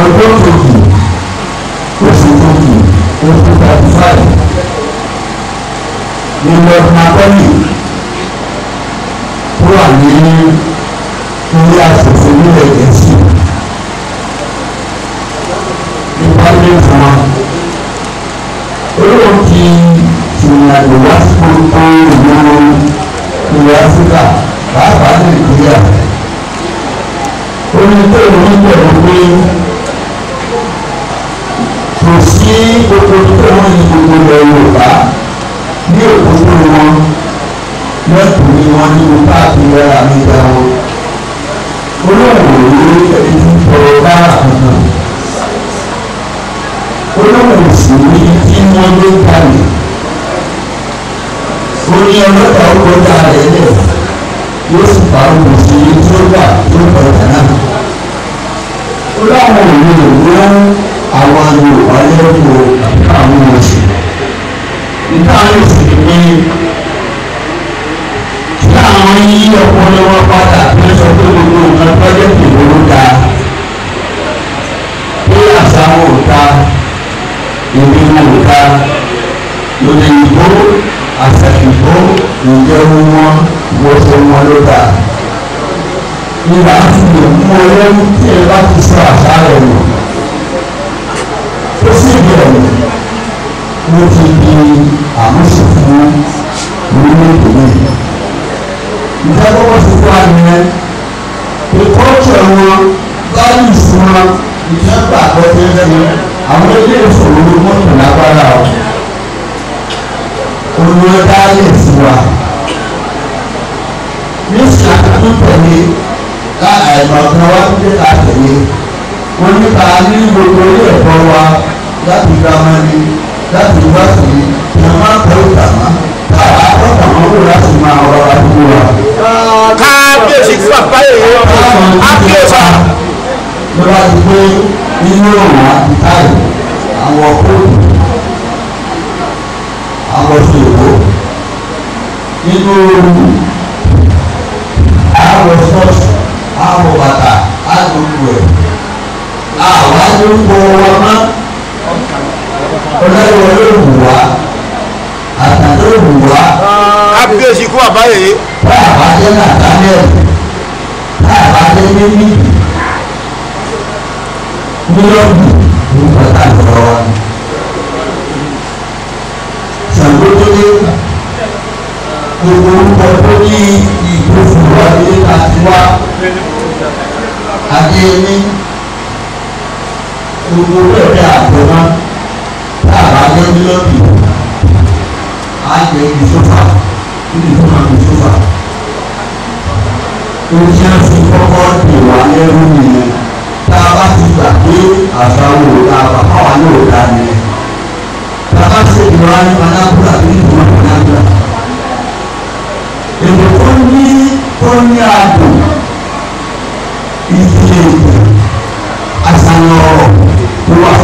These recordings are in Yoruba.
ọjọ́ kejì oṣù kejì oṣù thirty five ní lord macaulay tó wà ní ilé asòfin nílẹ̀ gẹ̀ẹ́sì ní parliament wọn olóhùn ti ìrìnàjò wá sí gbogbo ìlú ilẹ̀ áfíríkà pàápàá nàìjíríà ó ní tó ìlú pẹ̀lú pé sí gbogbo tó wọ́n ní gbogbo ilẹ̀ Yorùbá ní òkúta wọn lẹ́kùn ní wọn ní ipa àtúnyẹ àmì ìgbà wọn olóòwò yìí ẹni tí ń tọrọ bára kankan olóòwò sì ní tí wọ́n ló ń balẹ̀ ó ní ọlọ́pàá ó kọjá rẹ̀ lẹ̀ yóò sì pa òkú sí tí ó gbà tó pẹ̀lú. ọpọlọ wọn padà tó sọ pé gbogbo nǹkan pọ́jẹ́tì ló ta pé àsáwò ta ìbímọ ta lòdì ìbò àṣàkìbò ìjẹ́ wọn wọ́n ṣe wọn ló ta nígbà tí mo mú ọ lẹ́nu tí ẹ bá ti sọ àṣà rẹ̀ nù tó sì bẹ̀rẹ̀ mo ti di àmúṣe fún orílẹ̀-èdè náà nǹkan tó wọ́n ti fún àyẹ̀rẹ́ ìkọ́jọ́ wọn báyìí fún wọn ìjọba àgbọ̀tẹ́ fún àwọn ilé ìfowópamọ́ mọ́tò lágbára o olùwọ́ dálé fún wa nísìnyí àtúntò tẹ̀lé láàìmọ̀kan wá tó dé ká tẹ̀lé wọ́n nípa ní gbogbo ilé ẹ̀kọ́ wa láti gbàmọ́ni láti wá sí i kí bàbá èyí àkíyèsà. ló bá ti pé nínú òun àti táì àwọn kóòtù àwọn ṣòro nínú òun àwọn ṣọ́ọ̀ṣì àwọn bàtà àdúgbò ẹ̀ àwọn àdúgbò wọn mọ́ ọlọ́wọ́ ló wù wá àtàló wù wá. kábíyèsí kú àbáyé. bá a bá jẹ́ nàdánẹ́ẹ̀lì láàbá lé méjì mílíọ̀nù ní pátá lọ́wọ́ wa ni. Ṣàgbọ́dọ́dé gbogbo orúkọ tó ní ìgbésùn wa ilé àti wá Adéyẹmí gbogbo bẹ́ẹ̀ àgbọ̀nà láàbá lé mílíọ̀nù ojú á ti kọ́kọ́ dè wá lẹ́rú nìyẹn tá a bá ti gbà pé àṣà wò tá a bàbá wa yóò dá nìyẹn tá a bá ṣe ìrora ní panábúrà bí ìdúró panábúrà èdè tó ní tó ní ààbò ìdílé ìdè àṣàyàn ọ̀rọ̀ tó wà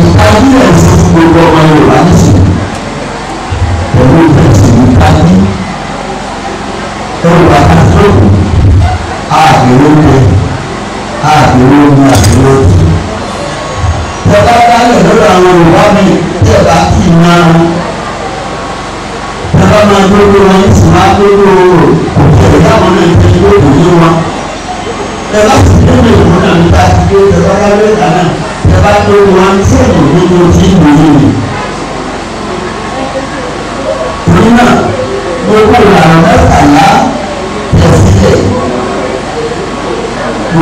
ìtajú ẹ̀sìn gbogbo ọmọ Yorùbá ní lókun àdúró mi àdúró mi àdúró. Bọ́lá lọ́dọ̀ àwọn Yorùbá mi tẹ̀lá kì í máa ń. Bọ́lá máa gbogbo wọn sì máa gbogbo òkè ìyáwọn náà ti di lókun yé wọn. Bọ́lá sì ti dé ìlú náà nípa ti dé ìjọba lẹ́ka náà. Bọ́lá gbogbo wọn tí èlò gbogbo ti ń lò yìí. Torí gbogbo ìlànà mẹ́tàlá.